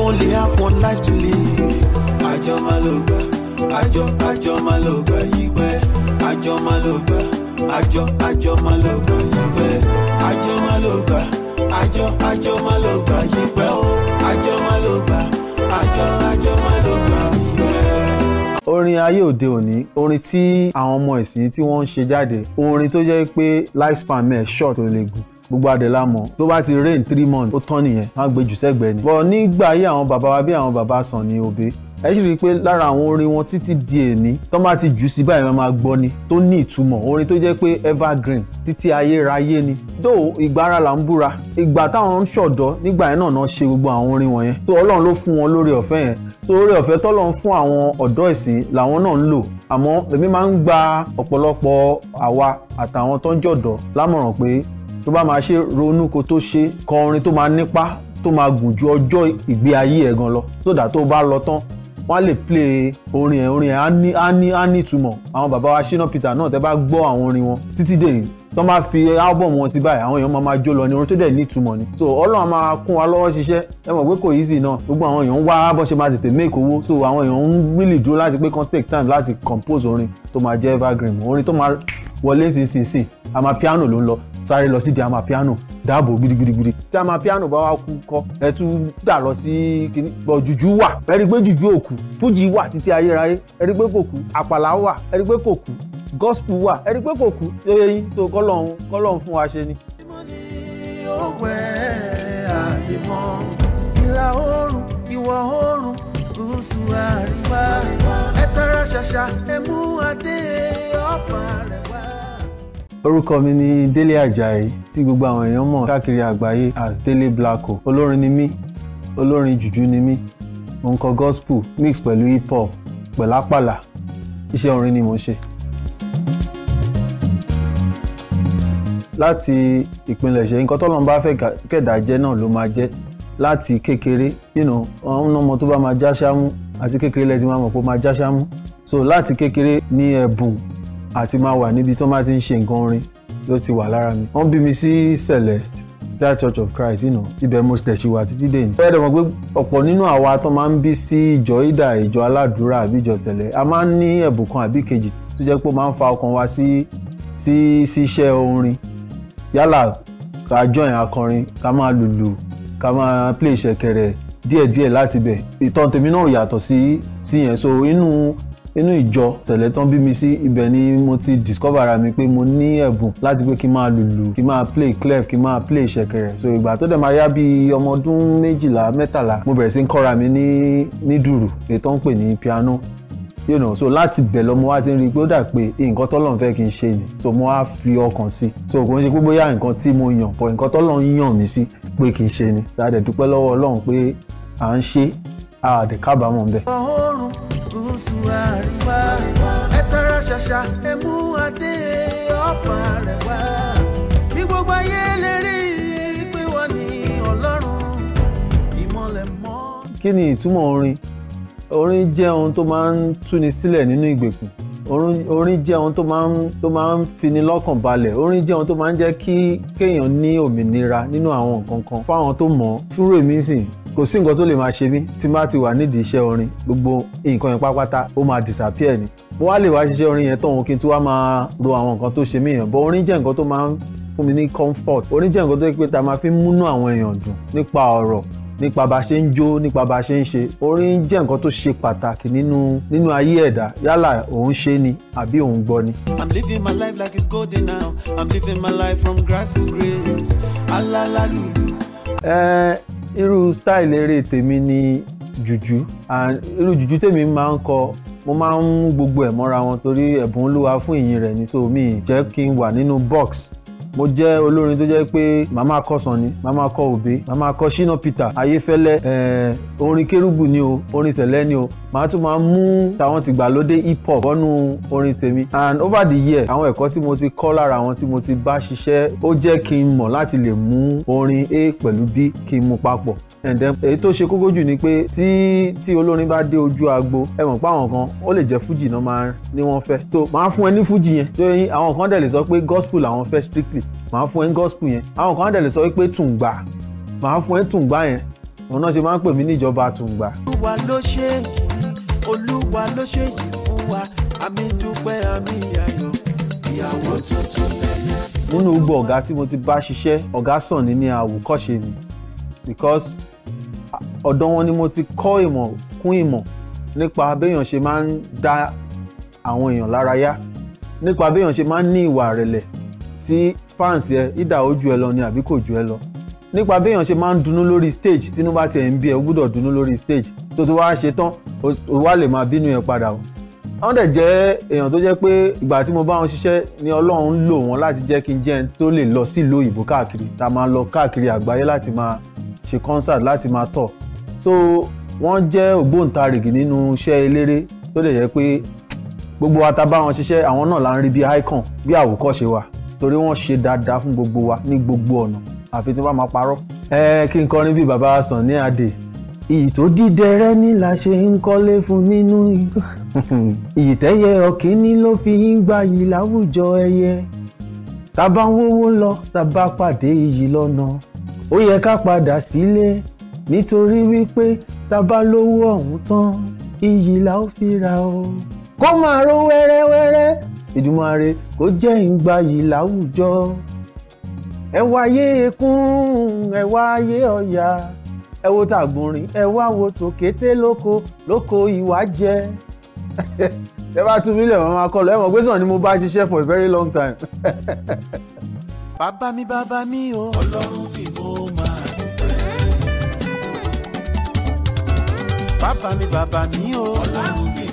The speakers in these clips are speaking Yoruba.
only have one life to live. àjọ máa lò gbà àjọ àjọ máa lò gbà yìí pẹ́ àjọ máa lò gbà àjọ àjọ máa lò gbà yìí pẹ́ àjọ máa lò gbà àjọ àjọ máa lò gbà yìí pẹ́ àjọ máa lò gbà àjọ àjọ máa lò gbà yìí pẹ́ orin ayé òde òní orin tí àwọn ọmọ ìsìn tí wọ́n ń ṣe jáde orin tó jẹ́ pé lifespan mẹ́ẹ̀ short ò lè gùn gbogbo adẹ̀lá mọ̀ tó bá ti rain three months ó tán nìyẹn wọ́n á gbé jù sẹ́gbẹ̀ẹ́ ni. bọ̀ nígbà yí àwọn bàbá wa bí àwọn bàbá sàn ní òbí ẹ sì rí i pé lára àwọn orin wọn títí di èní tó bá ti jù sí báyìí máa gbọ́ ni tó ní ìtumọ̀ orin tó jẹ́ pé evergreen títí ayérayé ni. tó ìgbára là ń búra ìgbà táwọn ń ṣọ̀dọ́ nígbà yẹn náà náà ṣe gbogbo àwọn orin wọ̀nyẹn tó ọlọ́run ló fún wọn lórí ọ̀fẹ́ yẹn tó orí ọ̀fẹ́ tọ́lọ́run fún àwọn ọ̀dọ́ ìsìn làwọn náà ń lò àmọ́ èmi máa ń gba ọ̀pọ̀lọpọ̀ àwa àtàwọn tó ń jọ̀dọ̀ lámọ̀ràn pé tó bá máa ṣe ronú kó tó ṣe kọ orin tó máa nípa tó máa gùn ju ọjọ́ ìgbé ayé ẹ̀ gan lọ sódà tó bá lọ tán wọ́n á lè play orin ẹ̀ orin ẹ̀ á ní á ní á ní ìtumọ̀ àwọn bàbá wa Shina Peter náà tẹ́ bá gbọ́ àwọn orin wọn títí dèyìn tó máa fi album wọn sí báyìí àwọn èèyàn máa máa jó lọ ní orin tó dẹ̀ ní ìtumọ̀ ni so ọlọ́run máa kún wa lọ́wọ́ ṣiṣẹ́ ẹ mọ̀ pé kò easy náà gbogbo àwọn èèyàn ń wá bó ṣe máa tètè make owó so àwọn èèyàn ń really dúró láti pé kan take time láti compose orin tó máa jẹ́ evergreen orin tó máa wọlé sísinsìn àmà piano ló ń lọ sáré lọ sí di amapiano dáàbò gidigidigidi tí amapiano bá wá kú kọ ẹ tún dà lọ sí kíní bọ jùjú wà ẹ i pé jùjú ò kú fújì wà títí ayérayé ẹ rí i pé kò kú àpàlà wà ẹ rí pé kò kú gospel wà ẹ rí pé kò kú lóye yín so kọlọ́hún kọlọ́hún fún wa ṣe ni. gúúsù àríwá ẹ tara ṣàṣà ẹ mú adé ọ orúkọ mi ni Délé Àjàyí tí gbogbo àwọn èèyàn mọ̀ káàkiri àgbáyé as Délé blako. olórin ni mí olórin jùjú ni mí mo ń kọ gospel mix pẹ̀lú hip hop pẹ̀lú àpàlà iṣẹ́ orin ni mo ń ṣe. láti ìpínlẹ̀ ṣe nǹkan tọ́lọ́n bá fẹ́ kẹ̀dá jẹ́ náà ló máa jẹ́ láti kékeré nínú ọ̀hún ọmọ tó bá máa já sámú àti kékeré lẹ́tí máa mọ̀ pé ó máa já sámú so láti kékeré ní ẹ̀bùn àti máa wà níbi tó máa ti ń ṣe nǹkan orin ló ti wà lára mi wọ́n bí mi sí ìṣẹ̀lẹ̀ Star Church of Christ you know, ibẹ̀ mo ṣẹ̀ ṣì wà títí dé ní. bẹ́ẹ̀ dẹ̀mọ̀ pé ọ̀pọ̀ nínú àwa tó máa ń bí sí ìjọ ìdà ìjọ aládùúrà àbí ìjọ ṣẹlẹ̀ a máa ń ní ẹ̀bùn kan àbí kejì tó jẹ́ pé ó máa ń fa ọkàn wa sí sí sí iṣẹ́ orin yálà ká join akọrin ká máa lùlù ká máa play ṣẹ̀kẹ̀rẹ̀ díẹ̀díẹ̀ láti bẹ̀ ìtàn tèmi náà yàtọ̀ sí sí yẹn so inú inú ìjọ sẹ̀lẹ̀ tán bí mi sí ibẹ̀ ni mo ti discover ara mi pé mo ní ẹ̀bùn láti pé kí n máa lùlù kí n máa play clef kí n máa play ṣẹ̀kẹ̀rẹ̀ so ìgbà tó dẹ̀ máa yá bíi ọmọ ọdún méjìlá mẹ́tàlá mo bẹ̀rẹ̀ sí ń kọ́ra mi ní ní dùrù èyí ń pè ní piano you know so láti bẹ̀ lọ mo wá ti ń rí i pé ó dà pé nǹkan tọ́lọ́run fẹ́ kí n ṣe ni so mo wá fi ọkàn sí i so kò ń ṣe pé bóyá nǹkan tí mo yàn pọ̀ nǹkan tọ́lọ́run yàn mí sí pé kí n ṣe ni so a dẹ̀ dúpẹ́ lọ́wọ́ ọlọ́run pé à ń ṣe àdèkábàámọ̀ bẹ́ẹ̀ gúúsù àríwá ẹ tara ṣàṣà ẹ mú adé ọ̀pá rẹ̀ wá kí gbogbo ayé lè rí pé wọ́n ní ọlọ́run ìmọ̀lẹ̀ mọ́. kí ni ìtumọ̀ orin orin jẹ́ ohun tó máa ń túni sílẹ̀ nínú ìgbèkùn orin jẹ́ ohun tó máa ń tó máa ń fini lọ́kàn balẹ̀ orin jẹ́ ohun tó máa ń jẹ́ kí kéèyàn ní òmìnira nínú àwọn nǹkan kan fáwọn tó mọ̀ ọ́ fúnrò mi sìn kò sí nǹkan tó lè máa ṣe mí tí má ti wà nídìí iṣẹ́ orin gbogbo nǹkan yẹn pátápátá ó máa disappear ni mo wá lè wá ṣiṣẹ́ orin yẹn tán òun kí n tún wá máa ro àwọn nǹkan tó ṣe mí yẹn bọ́ orin jẹ́ nǹkan tó máa ń fún mi ní comfort orin jẹ́ nǹkan tó yẹ pé ta máa fi múnú àwọn èèyàn dùn nípa ọ̀rọ̀ nípa bá a ṣe ń jó nípa bá a ṣe ń ṣe orin jẹ́ nǹkan tó ṣe pàtàkì nínú nínú ayé ẹ̀dá yálà òun ṣe ni àbí òun gbọ́ ni. I'm living my life like it's golden now I'm living my life from grass to grace alalálùlù. ẹ eh, irú style eré tèmi ni juju and irú juju tèmi máa ń kọ mo máa ń mú gbogbo ẹ̀ mọ́ra wọn torí ẹ̀bùn olúwa fún ìyìn rẹ̀ ni so mi jẹ́ kí n wà nínú box mo jẹ́ olórin tó jẹ́ pé màmá kọ Sànní màmá kọ Òbé màmá kọ Ṣínà Peter Ayéfẹ́lẹ́ eh, orin kérúbù ni o orin sẹ̀lẹ́ ni o màá tún máa mú tàwọn tìgbàlódé hip hop bọ́nú orin tèmi and over the year àwọn ẹ̀kọ́ tí mo ti kọ́ lára àwọn tí mo ti bá ṣiṣẹ́ ó jẹ́ kí n mọ̀ láti lè mú orin A pẹ̀lú B kí n mú papọ̀ and then èyí tó ṣe kókó jù ni pé tí tí olórin bá dé ojú agbo ẹ mọ̀ pé àwọn kan ó lè jẹ́ fújì náà máa ní wọ́n fẹ́ so màá fún ẹ ní fújì yẹn tó yẹn àwọn kan dẹ̀ lè sọ pé gospel àwọn fẹ́ strictly màá fún ẹ ní gospel yẹn àwọn kan á dẹ̀ lè sọ pé tùǹgbà màá fún ẹ tùǹgbà yẹn òun náà ṣe máa ń pè mí níjọba tùǹgbà. olúwa ló ṣe yìí olúwa ló ṣe yìí fún wa àmì dúpẹ́ àmì ayọ̀ ìyàwó tuntun lẹ́yìn. nínú gbogbo ọ̀gá tí mo ti bá ṣiṣẹ́ ọ̀gá sàn ní ní àwòkọ́ṣe mi because ọ̀dọ̀ wọn ni mo ti kọ́ ìmọ̀ kún ìmọ̀ nípa béèyàn ṣe máa ń dá àwọn èèyàn lárayá nípa béèyàn ṣe máa ń ní ìwà rẹ̀lẹ̀ sí fans ẹ ìdá ó ju ẹ lọ ni àbí kò ju ẹ lọ nípa béèyàn ṣe máa ń dunnú lórí stage tínú bá tiẹ̀ ń bí ẹ ó gbúdọ̀ dunnú lórí stage tó ti wá ṣe tán ó wá lè máa bínú yẹn padà o. wọ́n dẹ̀ jẹ́ èèyàn tó jẹ́ pé ìgbà tí mo bá wọn ṣiṣẹ́ ni ọlọ́run ń lò wọ́n láti jẹ́ kí n jẹ́ tó lè lọ sílùú òyìnbó káàkiri tá máa lọ káàkiri àgbáyé láti máa ṣe concert láti máa tọ̀ so wọ́n jẹ́ ògbóǹtarìgì nínú iṣẹ́ eléré tó dẹ̀ jẹ́ pé gbogbo wa ta bá wọn ṣiṣẹ́ àwọn náà là ń rí bí icon bí àwòkọ́ṣe wa torí wọ́n ṣe dáadáa fún gbogbo wa ní gbogbo ọ̀nà àfi tí wọ́n máa parọ́. ẹ kí n kọrin bíi bàbá sàn ní adé iyì tó dídẹrẹ́ ní la ṣe ń kọ́lé fún nínú igbó iyì tẹ́yẹ ọ̀kíní ló fi ń gbayì láwùjọ ẹyẹ tá ń wówó lọ tá pàdé iyì lọ́nà ó yẹ ká padà sílé nítorí wípé tá lówó ọ̀hún tán iyì la ó fi ra o kó máa ró wẹ́rẹ́wẹ́rẹ́ Èdùmàrè kó jẹ́ ìgbàyì láwùjọ ẹ wáyé ekún ẹ wáyé ọ̀yà ẹ wo tàgbùnrín ẹ wá wo tòkété lóko lóko ìwà jẹ ẹ bá tún mílẹ̀ wọn máa kọ́ lọ ẹ mọ̀ pé sàn ni mo bá ṣiṣẹ́ for a very long time. bàbá mi bàbá mi o. ọlọ́run bí mo máa bàbá mi bàbá mi o. ọlọ́run bí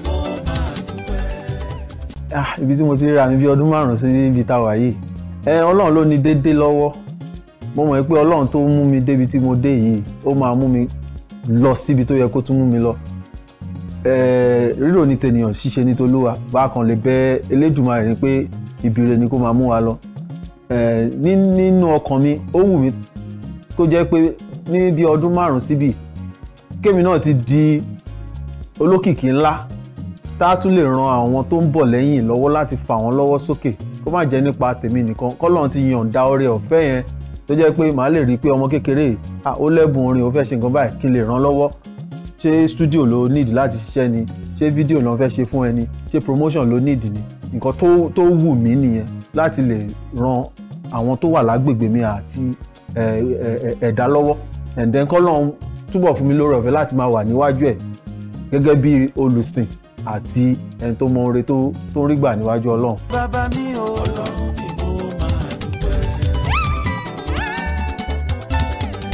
Ah, ibi tí mo ti ríra mi bí ọdún márùn-ún sí ibi tá a wà yìí ẹ ọlọ́run ló ní déédé lọ́wọ́ mo mọ̀ pé ọlọ́run tó mú mi débi tí mo dé yìí ó máa mú mi lọ síbi tó yẹ kó tún mú mi lọ rírò ní tènìyàn ṣíṣe ní tolúwa bákan lè bẹ Elédùmarè ni pé ìbìrè ni kó máa mú wa lọ nínú ọkàn mi ó wù mí kó jẹ́ pé ní bí ọdún márùn-ún síbi kémi náà ti di olókìkí ńlá tá a tún lè ran àwọn tó ń bọ̀ lẹ́yìn lọ́wọ́ láti fà wọ́n lọ́wọ́ sókè kó má jẹ́ nípa tèmi nìkan kọ́lọ́n ti yànda oore ọ̀fẹ́ yẹn tó jẹ́ pé màá lè rí i pé ọmọ kékeré ó lẹ́bùn orin ó fẹ́ ṣe nǹkan báyìí kí n lè ràn lọ́wọ́ ṣé studio ló need láti ṣiṣẹ́ ni ṣé fídíò ló ń fẹ́ ṣe fún ẹni ṣé promotion ló need ni nǹkan tó wù mí nìyẹn láti lè ran àwọn tó wà lágbègbè mi àti ẹ̀dá lọ́wọ́ and then kọ́lọ́n túbọ̀ fún mi lórí ọ̀fẹ́ láti máa wà níwájú ẹ̀ gẹ́gẹ́ bí olùsìn àti ẹni tó mọ oore tó tó rí gbà níwájú ọlọ́run. bàbá mi ò ọlọ́run ni mo máa dúpẹ́.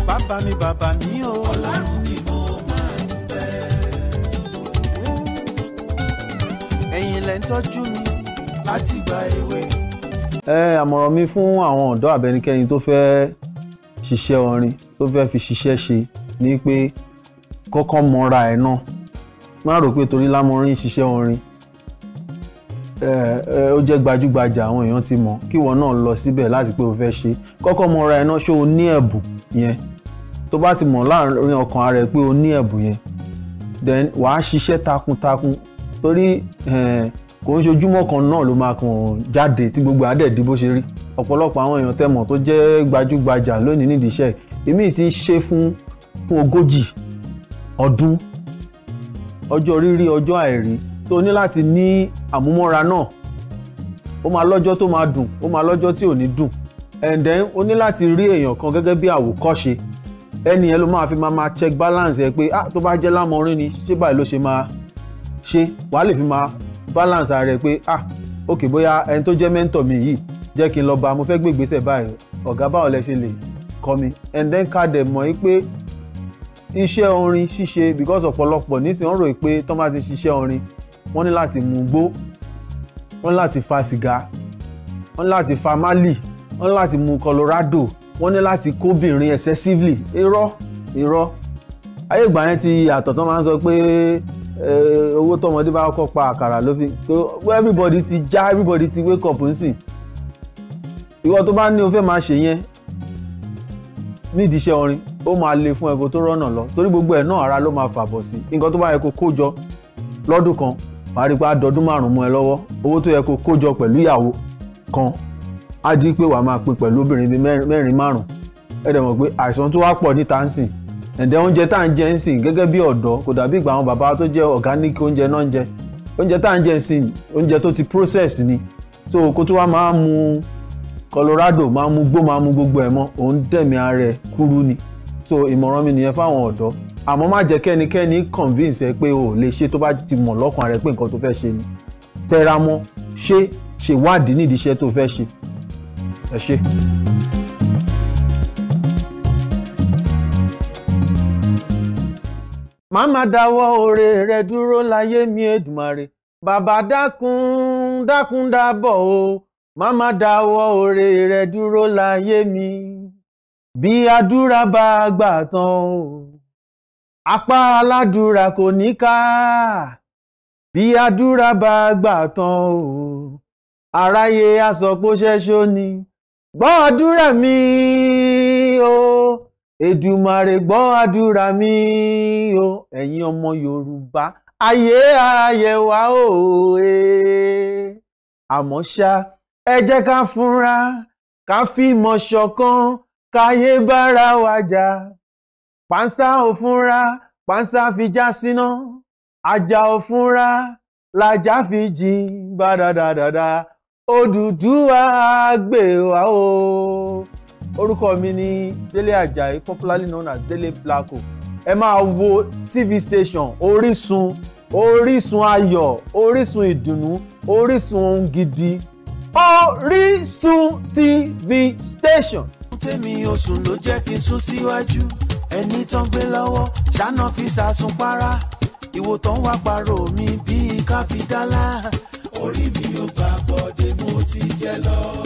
bàbá mi bàbá mi ò ọlọ́run ni mo máa dúpẹ́. ẹ̀yin lẹ́ ń tọ́jú mi láti gba ewé. ẹ àmọ̀ràn mi fún àwọn ọ̀dọ́ àbẹnikẹ́ni tó fẹ́ẹ́ ṣiṣẹ́ orin tó fẹ́ẹ́ fi ṣiṣẹ́ ṣe ni pé kọ́kọ́ mọra ẹ̀ náà má rò pé torí lámọrin ṣiṣẹ́ orin ó jẹ́ gbajúgbajà àwọn èèyàn ti mọ̀ kí wọn náà lọ síbẹ̀ láti pé o fẹ́ ṣe kọ́kọ́ mọ ra iná ṣó o ní ẹ̀bùn yẹn tó bá ti mọ̀ láàrin ọkàn rẹ pé o ní ẹ̀bùn yẹn then wàá ṣiṣẹ́ takuntakun torí kò ń ṣojúmọ́ kan náà ló máa kàn jáde tí gbogbo àdẹ̀ di bó ṣe rí ọ̀pọ̀lọpọ̀ àwọn èèyàn tẹ́ mọ̀ tó jẹ́ gbajúgbajà lónìí nídìí iṣẹ́ èmi ti ṣe fún fún ogójì ọdún ọjọ́ rírí ọjọ́ àìrí tó ní láti ní àmúmọ́ra náà ó máa lọ́jọ́ tó máa dùn ó máa lọ́jọ́ tí ò ní dùn and then ó ní láti rí èèyàn kan gẹ́gẹ́ bí àwòkọ́ṣe ẹni yẹn ló máa fi máa check balance ẹ pé ah tó bá jẹ́ lámọrin ni ṣé báyìí ló ṣe máa ṣe wàá lè fi máa balance ara ẹ pé ah ok bóyá ẹni tó jẹ́ mentor mi yìí jẹ́ kí n lọ bá mo fẹ́ gbé ìgbésẹ̀ báyìí ọ̀gá báwo lẹ ṣe lè kọ́ mi and then ká dẹ̀ mọ̀ pé iṣẹ́ orin ṣíṣe because ọ̀pọ̀lọpọ̀ nísìnyí wọ́n rò pé tọ́n bá ti ṣiṣẹ́ orin wọ́n ní láti mú gbó wọ́n ní láti fa sìgá wọ́n ní láti fa málì wọ́n ní láti mu colorado wọ́n ní láti kóbìnrin excessively irọ́ irọ́ ayé ìgbà yẹn ti yàtọ̀ tọ́n máa ń sọ pé eh, owó tọmọdé bá kọ́ pa àkàrà ló fi everybody ti já everybody ti wake up nsìn ìwọ tó bá ní o fẹ́ máa ṣe yẹn nídìí iṣẹ́ orin ó máa le fún ẹ̀kọ́ tó rọnà lọ torí gbogbo ẹ náà ara ló máa fàbọ̀ sí nǹkan tó bá yẹ kó kó jọ lọ́dún kan wàá rí i pé á dọdún márùn-ún mú ẹ lọ́wọ́ owó tó yẹ kó kó jọ pẹ̀lú ìyàwó kan á pé wàá máa pẹ̀lú obìnrin mẹ́rin márùn-ún ẹ dẹ̀ mọ̀ pé àìsàn tó wá pọ̀ níta ń ẹ̀dẹ̀ oúnjẹ tá à ń gẹ́gẹ́ bí ọ̀dọ́ kò dàbí ìgbà àwọn bàbá so ìmọ̀ràn mi nìyẹn fáwọn ọ̀dọ́ àmọ́ má jẹ́ kẹ́nikẹ́ni convince ẹ pé o lè ṣe tó bá ti mọ̀ lọ́kàn rẹ pé nǹkan tó fẹ́ ṣe ni tẹra mọ́ ṣe ṣèwádìí nídìí iṣẹ́ tó fẹ́ ṣe ẹ ṣé. má má dáwọ́ oore rẹ dúró láyé mi Èdùmàrè bàbá dákun dákun dábọ̀ o má má dáwọ́ oore rẹ dúró láyé mi bí àdúrà bá gbà tán o apá aládùúrà kò ní ká bí àdúrà bá gbà tán o aráyé á sọ pé ó mi o edumare gbọ́ àdúrà mi o ẹ̀yin ọmọ Yorùbá ayé ayé wa o e àmọ́ ṣá ẹ jẹ́ ká fúnra ká fìmọ̀ ṣọ̀kan káyé bára wa jà pàǹsá ò fúnra pàǹsá fi já síná ajá ò fúnra làjà fi jì bàdàdàdàdà Odùduwà gbè wá o. orúkọ mi ni Délé Àjàyí popularly known as Délé Blacko ẹ máa wo tv station orísun orísun ayọ̀ orísun ìdùnnú orísun ohun gidi orísun tv station tèmi ò sùn ló jẹ́ kí n sún síwájú ẹni tán gbé lọ́wọ́ ṣáná fi sàsùn para ìwò tán wá parọ́ mi bíi káfíńdálá. orí mi ò gbà bọ́dé mo ti jẹ lọ.